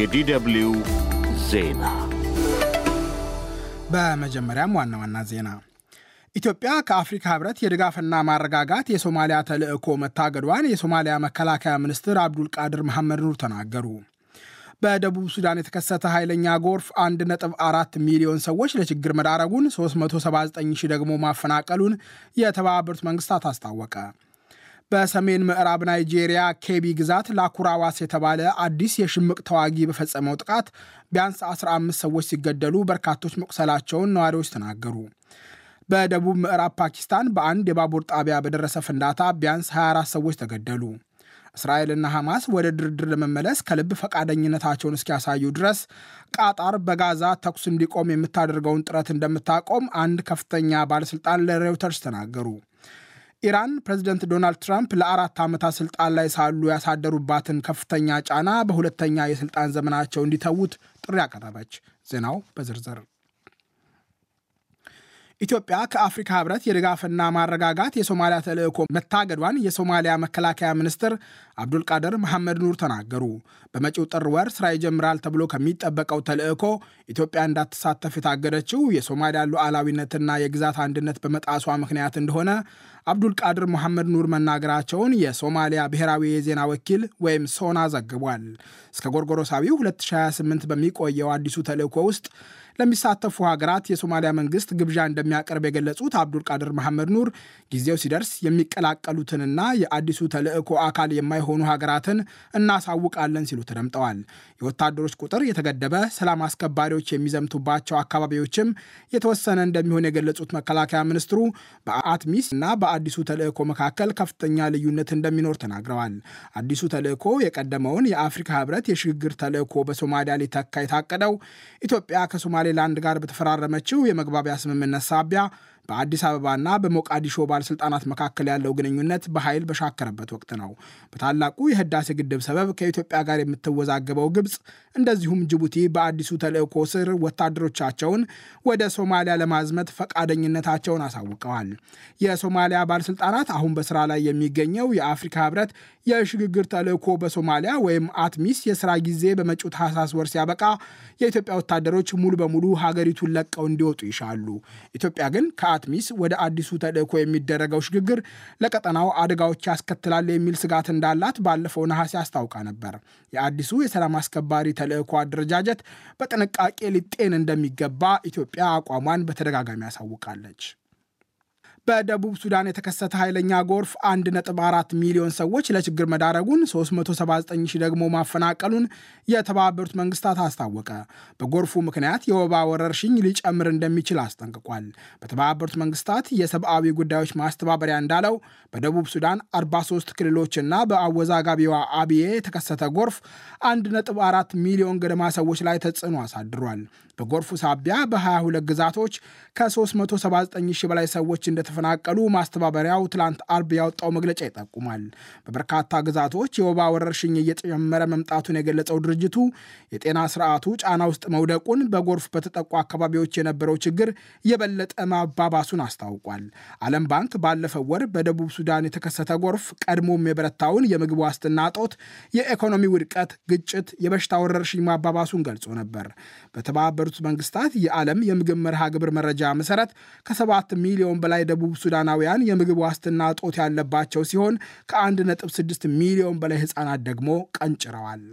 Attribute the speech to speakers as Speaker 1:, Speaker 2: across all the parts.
Speaker 1: የዲደብሊው ዜና በመጀመሪያም ዋና ዋና ዜና ኢትዮጵያ ከአፍሪካ ህብረት የድጋፍና ማረጋጋት የሶማሊያ ተልዕኮ መታገዷን የሶማሊያ መከላከያ ሚኒስትር አብዱልቃድር መሐመድ ኑር ተናገሩ። በደቡብ ሱዳን የተከሰተ ኃይለኛ ጎርፍ 1.4 ሚሊዮን ሰዎች ለችግር መዳረጉን 379 ደግሞ ማፈናቀሉን የተባበሩት መንግስታት አስታወቀ። በሰሜን ምዕራብ ናይጄሪያ ኬቢ ግዛት ላኩራዋስ የተባለ አዲስ የሽምቅ ተዋጊ በፈጸመው ጥቃት ቢያንስ 15 ሰዎች ሲገደሉ በርካቶች መቁሰላቸውን ነዋሪዎች ተናገሩ። በደቡብ ምዕራብ ፓኪስታን በአንድ የባቡር ጣቢያ በደረሰ ፍንዳታ ቢያንስ 24 ሰዎች ተገደሉ። እስራኤልና ሐማስ ወደ ድርድር ለመመለስ ከልብ ፈቃደኝነታቸውን እስኪያሳዩ ድረስ ቃጣር በጋዛ ተኩስ እንዲቆም የምታደርገውን ጥረት እንደምታቆም አንድ ከፍተኛ ባለሥልጣን ለሬውተርስ ተናገሩ። ኢራን ፕሬዚደንት ዶናልድ ትራምፕ ለአራት ዓመታት ስልጣን ላይ ሳሉ ያሳደሩባትን ከፍተኛ ጫና በሁለተኛ የስልጣን ዘመናቸው እንዲተዉት ጥሪ አቀረበች። ዜናው በዝርዝር ኢትዮጵያ ከአፍሪካ ህብረት የድጋፍና ማረጋጋት የሶማሊያ ተልእኮ መታገዷን የሶማሊያ መከላከያ ሚኒስትር አብዱልቃድር መሐመድ ኑር ተናገሩ። በመጪው ጥር ወር ስራ ይጀምራል ተብሎ ከሚጠበቀው ተልእኮ ኢትዮጵያ እንዳትሳተፍ የታገደችው የሶማሊያ ሉዓላዊነትና የግዛት አንድነት በመጣሷ ምክንያት እንደሆነ አብዱልቃድር መሐመድ ኑር መናገራቸውን የሶማሊያ ብሔራዊ የዜና ወኪል ወይም ሶና ዘግቧል። እስከ ጎርጎሮሳዊው 2028 በሚቆየው አዲሱ ተልእኮ ውስጥ ለሚሳተፉ ሀገራት የሶማሊያ መንግስት ግብዣ እንደሚያቀርብ የገለጹት አብዱል ቃድር መሐመድ ኑር ጊዜው ሲደርስ የሚቀላቀሉትንና የአዲሱ ተልዕኮ አካል የማይሆኑ ሀገራትን እናሳውቃለን ሲሉ ተደምጠዋል። የወታደሮች ቁጥር የተገደበ ሰላም አስከባሪዎች የሚዘምቱባቸው አካባቢዎችም የተወሰነ እንደሚሆን የገለጹት መከላከያ ሚኒስትሩ በአትሚስ እና በአዲሱ ተልዕኮ መካከል ከፍተኛ ልዩነት እንደሚኖር ተናግረዋል። አዲሱ ተልዕኮ የቀደመውን የአፍሪካ ህብረት የሽግግር ተልዕኮ በሶማሊያ ሊተካ የታቀደው ኢትዮጵያ ከሶማ ከሶማሌላንድ ጋር በተፈራረመችው የመግባቢያ ስምምነት ሳቢያ በአዲስ አበባና በሞቃዲሾ ባለስልጣናት መካከል ያለው ግንኙነት በኃይል በሻከረበት ወቅት ነው። በታላቁ የህዳሴ ግድብ ሰበብ ከኢትዮጵያ ጋር የምትወዛገበው ግብፅ፣ እንደዚሁም ጅቡቲ በአዲሱ ተልእኮ ስር ወታደሮቻቸውን ወደ ሶማሊያ ለማዝመት ፈቃደኝነታቸውን አሳውቀዋል። የሶማሊያ ባለስልጣናት አሁን በስራ ላይ የሚገኘው የአፍሪካ ህብረት የሽግግር ተልእኮ በሶማሊያ ወይም አትሚስ የስራ ጊዜ በመጪው ታህሳስ ወር ሲያበቃ የኢትዮጵያ ወታደሮች ሙሉ በሙሉ ሀገሪቱን ለቀው እንዲወጡ ይሻሉ። ኢትዮጵያ ግን ከ አትሚስ ወደ አዲሱ ተልእኮ የሚደረገው ሽግግር ለቀጠናው አደጋዎች ያስከትላል የሚል ስጋት እንዳላት ባለፈው ነሐሴ አስታውቃ ነበር። የአዲሱ የሰላም አስከባሪ ተልእኮ አደረጃጀት በጥንቃቄ ሊጤን እንደሚገባ ኢትዮጵያ አቋሟን በተደጋጋሚ አሳውቃለች። በደቡብ ሱዳን የተከሰተ ኃይለኛ ጎርፍ 1.4 ሚሊዮን ሰዎች ለችግር መዳረጉን 379 ሺህ ደግሞ ማፈናቀሉን የተባበሩት መንግስታት አስታወቀ። በጎርፉ ምክንያት የወባ ወረርሽኝ ሊጨምር እንደሚችል አስጠንቅቋል። በተባበሩት መንግስታት የሰብአዊ ጉዳዮች ማስተባበሪያ እንዳለው በደቡብ ሱዳን 43 ክልሎችና በአወዛጋቢዋ አብዬ የተከሰተ ጎርፍ 1.4 ሚሊዮን ገደማ ሰዎች ላይ ተጽዕኖ አሳድሯል። በጎርፉ ሳቢያ በ22 ግዛቶች ከ379 በላይ ሰዎች እንደተፈናቀሉ ማስተባበሪያው ትላንት አርብ ያወጣው መግለጫ ይጠቁማል። በበርካታ ግዛቶች የወባ ወረርሽኝ እየጨመረ መምጣቱን የገለጸው ድርጅቱ የጤና ስርዓቱ ጫና ውስጥ መውደቁን፣ በጎርፍ በተጠቁ አካባቢዎች የነበረው ችግር የበለጠ ማባባሱን አስታውቋል። ዓለም ባንክ ባለፈው ወር በደቡብ ሱዳን የተከሰተ ጎርፍ ቀድሞም የበረታውን የምግብ ዋስትና እጦት፣ የኢኮኖሚ ውድቀት፣ ግጭት፣ የበሽታ ወረርሽኝ ማባባሱን ገልጾ ነበር። በተባበሩ የተባበሩት መንግስታት የዓለም የምግብ መርሃ ግብር መረጃ መሰረት ከሰባት ሚሊዮን በላይ ደቡብ ሱዳናውያን የምግብ ዋስትና እጦት ያለባቸው ሲሆን ከ1.6 ሚሊዮን በላይ ህጻናት ደግሞ ቀንጭረዋል።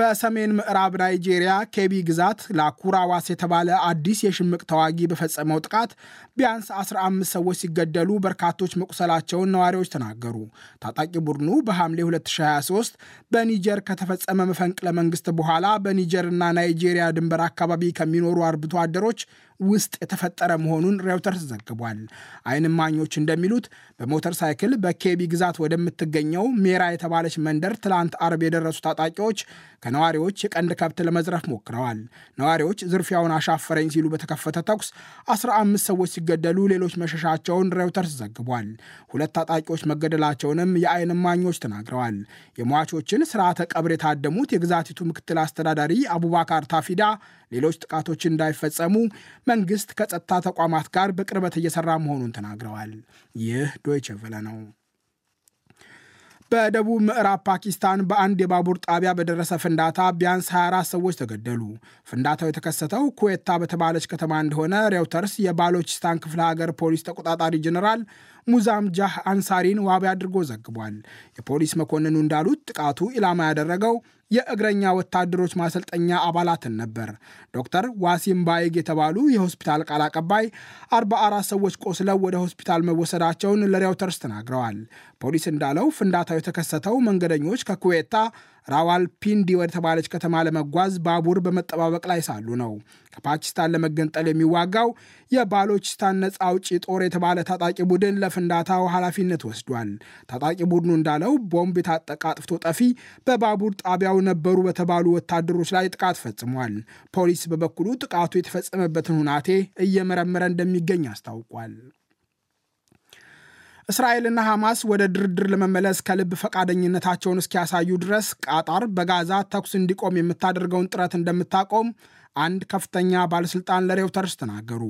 Speaker 1: በሰሜን ምዕራብ ናይጄሪያ ኬቢ ግዛት ላኩራዋስ የተባለ አዲስ የሽምቅ ተዋጊ በፈጸመው ጥቃት ቢያንስ 15 ሰዎች ሲገደሉ በርካቶች መቁሰላቸውን ነዋሪዎች ተናገሩ። ታጣቂ ቡድኑ በሐምሌ 2023 በኒጀር ከተፈጸመ መፈንቅለ መንግስት በኋላ በኒጀርና ናይጄሪያ ድንበር አካባቢ ከሚኖሩ አርብቶ አደሮች ውስጥ የተፈጠረ መሆኑን ሬውተርስ ዘግቧል። ዓይን እንደሚሉት በሞተር ሳይክል በኬቢ ግዛት ወደምትገኘው ሜራ የተባለች መንደር ትላንት አርብ የደረሱ ታጣቂዎች ከነዋሪዎች የቀንድ ከብት ለመዝረፍ ሞክረዋል። ነዋሪዎች ዝርፊያውን አሻፈረኝ ሲሉ በተከፈተ ተኩስ 15 ሰዎች ሲገደሉ ሌሎች መሸሻቸውን ሬውተርስ ዘግቧል። ሁለት ታጣቂዎች መገደላቸውንም የአይን እማኞች ተናግረዋል። የሟቾችን ስርዓተ ቀብር የታደሙት የግዛቲቱ ምክትል አስተዳዳሪ አቡባካር ታፊዳ ሌሎች ጥቃቶች እንዳይፈጸሙ መንግስት ከጸጥታ ተቋማት ጋር በቅርበት እየሰራ መሆኑን ተናግረዋል። ይህ ዶይቸ ቬለ ነው። በደቡብ ምዕራብ ፓኪስታን በአንድ የባቡር ጣቢያ በደረሰ ፍንዳታ ቢያንስ 24 ሰዎች ተገደሉ። ፍንዳታው የተከሰተው ኩዌታ በተባለች ከተማ እንደሆነ ሬውተርስ የባሎችስታን ክፍለ ሀገር ፖሊስ ተቆጣጣሪ ጀኔራል ሙዛም ጃህ አንሳሪን ዋቢ አድርጎ ዘግቧል። የፖሊስ መኮንኑ እንዳሉት ጥቃቱ ኢላማ ያደረገው የእግረኛ ወታደሮች ማሰልጠኛ አባላትን ነበር። ዶክተር ዋሲም ባይግ የተባሉ የሆስፒታል ቃል አቀባይ 44 ሰዎች ቆስለው ወደ ሆስፒታል መወሰዳቸውን ለሪያውተርስ ተናግረዋል። ፖሊስ እንዳለው ፍንዳታው የተከሰተው መንገደኞች ከኩዌታ ራዋልፒንዲ ፒንዲ ወደተባለች ከተማ ለመጓዝ ባቡር በመጠባበቅ ላይ ሳሉ ነው ከፓኪስታን ለመገንጠል የሚዋጋው የባሎችስታን ነፃ አውጪ ጦር የተባለ ታጣቂ ቡድን ለፍንዳታው ኃላፊነት ወስዷል። ታጣቂ ቡድኑ እንዳለው ቦምብ የታጠቀ አጥፍቶ ጠፊ በባቡር ጣቢያው ነበሩ በተባሉ ወታደሮች ላይ ጥቃት ፈጽሟል። ፖሊስ በበኩሉ ጥቃቱ የተፈጸመበትን ሁናቴ እየመረመረ እንደሚገኝ አስታውቋል። እስራኤልና ሐማስ ወደ ድርድር ለመመለስ ከልብ ፈቃደኝነታቸውን እስኪያሳዩ ድረስ ቃጣር በጋዛ ተኩስ እንዲቆም የምታደርገውን ጥረት እንደምታቆም አንድ ከፍተኛ ባለስልጣን ለሬውተርስ ተናገሩ።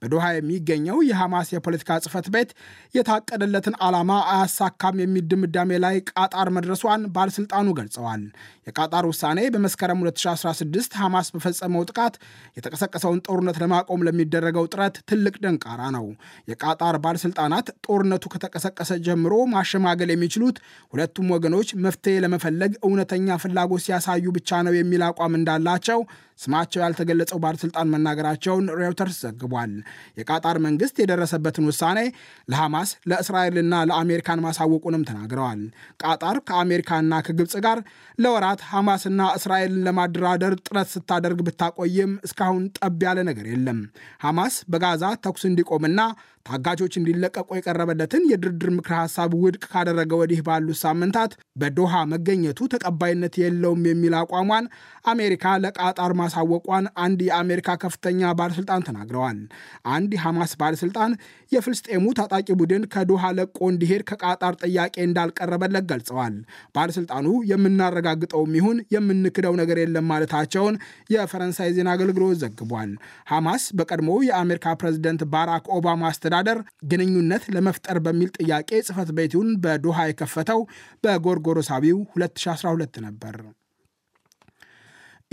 Speaker 1: በዶሃ የሚገኘው የሐማስ የፖለቲካ ጽህፈት ቤት የታቀደለትን ዓላማ አያሳካም የሚል ድምዳሜ ላይ ቃጣር መድረሷን ባለስልጣኑ ገልጸዋል። የቃጣር ውሳኔ በመስከረም 2016 ሐማስ በፈጸመው ጥቃት የተቀሰቀሰውን ጦርነት ለማቆም ለሚደረገው ጥረት ትልቅ ደንቃራ ነው። የቃጣር ባለስልጣናት ጦርነቱ ከተቀሰቀሰ ጀምሮ ማሸማገል የሚችሉት ሁለቱም ወገኖች መፍትሄ ለመፈለግ እውነተኛ ፍላጎት ሲያሳዩ ብቻ ነው የሚል አቋም እንዳላቸው ስማቸው ያልተገለጸው ባለስልጣን መናገራቸውን ሬውተርስ ዘግቧል። የቃጣር መንግስት የደረሰበትን ውሳኔ ለሐማስ ለእስራኤልና ለአሜሪካን ማሳወቁንም ተናግረዋል። ቃጣር ከአሜሪካና ከግብፅ ጋር ለወራት ሐማስና እስራኤልን ለማደራደር ጥረት ስታደርግ ብታቆይም እስካሁን ጠብ ያለ ነገር የለም። ሐማስ በጋዛ ተኩስ እንዲቆምና ታጋቾች እንዲለቀቁ የቀረበለትን የድርድር ምክረ ሐሳብ ውድቅ ካደረገ ወዲህ ባሉት ሳምንታት በዶሃ መገኘቱ ተቀባይነት የለውም የሚል አቋሟን አሜሪካ ለቃጣር ማሳወቋ ማስታወቋን አንድ የአሜሪካ ከፍተኛ ባለስልጣን ተናግረዋል። አንድ የሐማስ ባለስልጣን የፍልስጤሙ ታጣቂ ቡድን ከዶሃ ለቆ እንዲሄድ ከቃጣር ጥያቄ እንዳልቀረበለት ገልጸዋል። ባለስልጣኑ የምናረጋግጠውም ይሁን የምንክደው ነገር የለም ማለታቸውን የፈረንሳይ ዜና አገልግሎት ዘግቧል። ሐማስ በቀድሞ የአሜሪካ ፕሬዝደንት ባራክ ኦባማ አስተዳደር ግንኙነት ለመፍጠር በሚል ጥያቄ ጽህፈት ቤቱን በዶሃ የከፈተው በጎርጎሮሳቢው 2012 ነበር።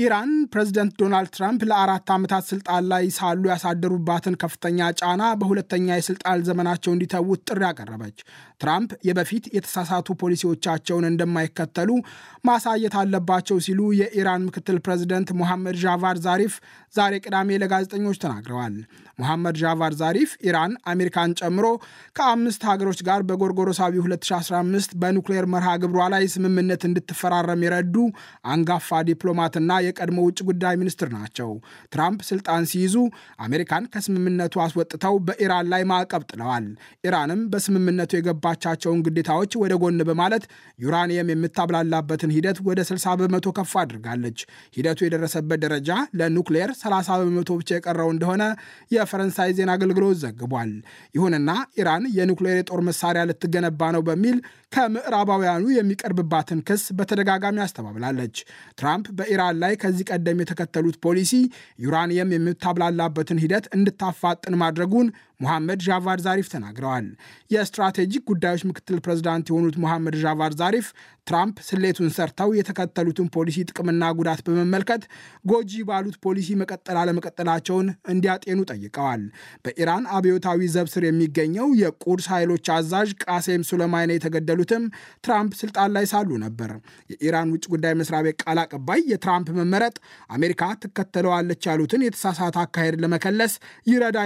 Speaker 1: ኢራን ፕሬዝደንት ዶናልድ ትራምፕ ለአራት ዓመታት ስልጣን ላይ ሳሉ ያሳደሩባትን ከፍተኛ ጫና በሁለተኛ የስልጣን ዘመናቸው እንዲተዉት ጥሪ አቀረበች። ትራምፕ የበፊት የተሳሳቱ ፖሊሲዎቻቸውን እንደማይከተሉ ማሳየት አለባቸው ሲሉ የኢራን ምክትል ፕሬዝደንት ሞሐመድ ዣቫድ ዛሪፍ ዛሬ ቅዳሜ ለጋዜጠኞች ተናግረዋል። ሞሐመድ ዣቫድ ዛሪፍ ኢራን አሜሪካን ጨምሮ ከአምስት ሀገሮች ጋር በጎርጎሮሳዊ 2015 በኑክሌር መርሃ ግብሯ ላይ ስምምነት እንድትፈራረም የረዱ አንጋፋ ዲፕሎማትና የቀድሞ ውጭ ጉዳይ ሚኒስትር ናቸው። ትራምፕ ስልጣን ሲይዙ አሜሪካን ከስምምነቱ አስወጥተው በኢራን ላይ ማዕቀብ ጥለዋል። ኢራንም በስምምነቱ የገባቻቸውን ግዴታዎች ወደ ጎን በማለት ዩራኒየም የምታብላላበትን ሂደት ወደ 60 በመቶ ከፍ አድርጋለች። ሂደቱ የደረሰበት ደረጃ ለኑክሌር 30 በመቶ ብቻ የቀረው እንደሆነ የፈረንሳይ ዜና አገልግሎት ዘግቧል። ይሁንና ኢራን የኑክሌር የጦር መሳሪያ ልትገነባ ነው በሚል ከምዕራባውያኑ የሚቀርብባትን ክስ በተደጋጋሚ አስተባብላለች። ትራምፕ በኢራን ላይ ላይ ከዚህ ቀደም የተከተሉት ፖሊሲ ዩራኒየም የምታብላላበትን ሂደት እንድታፋጥን ማድረጉን ሙሐመድ ዣቫድ ዛሪፍ ተናግረዋል። የስትራቴጂክ ጉዳዮች ምክትል ፕሬዚዳንት የሆኑት ሙሐመድ ዣቫድ ዛሪፍ ትራምፕ ስሌቱን ሰርተው የተከተሉትን ፖሊሲ ጥቅምና ጉዳት በመመልከት ጎጂ ባሉት ፖሊሲ መቀጠል አለመቀጠላቸውን እንዲያጤኑ ጠይቀዋል። በኢራን አብዮታዊ ዘብ ስር የሚገኘው የቁድስ ኃይሎች አዛዥ ቃሴም ሱለይማኒ የተገደሉትም ትራምፕ ስልጣን ላይ ሳሉ ነበር። የኢራን ውጭ ጉዳይ መስሪያ ቤት ቃል አቀባይ የትራምፕ መመረጥ አሜሪካ ትከተለዋለች ያሉትን የተሳሳተ አካሄድ ለመከለስ ይረዳ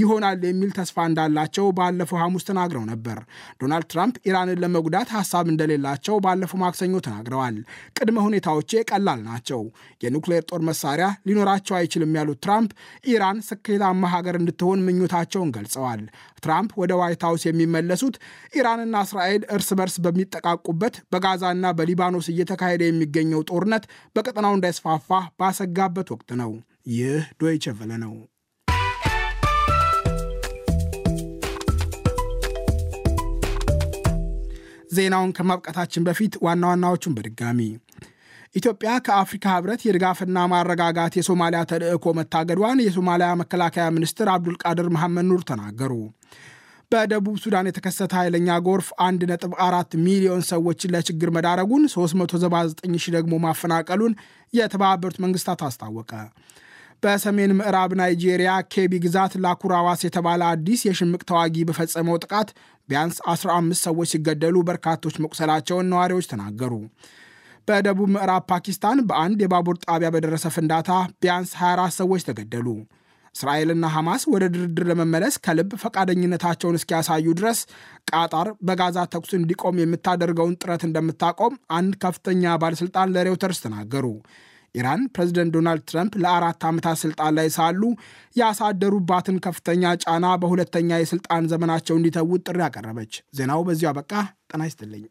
Speaker 1: ይሆናል የሚል ተስፋ እንዳላቸው ባለፈው ሐሙስ ተናግረው ነበር። ዶናልድ ትራምፕ ኢራንን ለመጉዳት ሀሳብ እንደሌላቸው ባለፈው ማክሰኞ ተናግረዋል። ቅድመ ሁኔታዎቼ ቀላል ናቸው፣ የኑክሌር ጦር መሳሪያ ሊኖራቸው አይችልም ያሉት ትራምፕ ኢራን ስኬታማ ሀገር እንድትሆን ምኞታቸውን ገልጸዋል። ትራምፕ ወደ ዋይት ሀውስ የሚመለሱት ኢራንና እስራኤል እርስ በርስ በሚጠቃቁበት በጋዛና በሊባኖስ እየተካሄደ የሚገኘው ጦርነት በቀጠናው እንዳይስፋፋ ባሰጋበት ወቅት ነው። ይህ ዶይቸ ነው። ዜናውን ከማብቃታችን በፊት ዋና ዋናዎቹን በድጋሚ ኢትዮጵያ ከአፍሪካ ህብረት የድጋፍና ማረጋጋት የሶማሊያ ተልዕኮ መታገዷን የሶማሊያ መከላከያ ሚኒስትር አብዱልቃድር መሐመድ ኑር ተናገሩ። በደቡብ ሱዳን የተከሰተ ኃይለኛ ጎርፍ 1.4 ሚሊዮን ሰዎችን ለችግር መዳረጉን 379 ሺህ ደግሞ ማፈናቀሉን የተባበሩት መንግስታት አስታወቀ። በሰሜን ምዕራብ ናይጄሪያ ኬቢ ግዛት ላኩራዋስ የተባለ አዲስ የሽምቅ ተዋጊ በፈጸመው ጥቃት ቢያንስ 15 ሰዎች ሲገደሉ በርካቶች መቁሰላቸውን ነዋሪዎች ተናገሩ። በደቡብ ምዕራብ ፓኪስታን በአንድ የባቡር ጣቢያ በደረሰ ፍንዳታ ቢያንስ 24 ሰዎች ተገደሉ። እስራኤልና ሐማስ ወደ ድርድር ለመመለስ ከልብ ፈቃደኝነታቸውን እስኪያሳዩ ድረስ ቃጣር በጋዛ ተኩስ እንዲቆም የምታደርገውን ጥረት እንደምታቆም አንድ ከፍተኛ ባለሥልጣን ለሬውተርስ ተናገሩ። ኢራን ፕሬዚደንት ዶናልድ ትራምፕ ለአራት ዓመታት ስልጣን ላይ ሳሉ ያሳደሩባትን ከፍተኛ ጫና በሁለተኛ የስልጣን ዘመናቸው እንዲተውት ጥሪ አቀረበች። ዜናው በዚሁ አበቃ። ጤና ይስጥልኝ።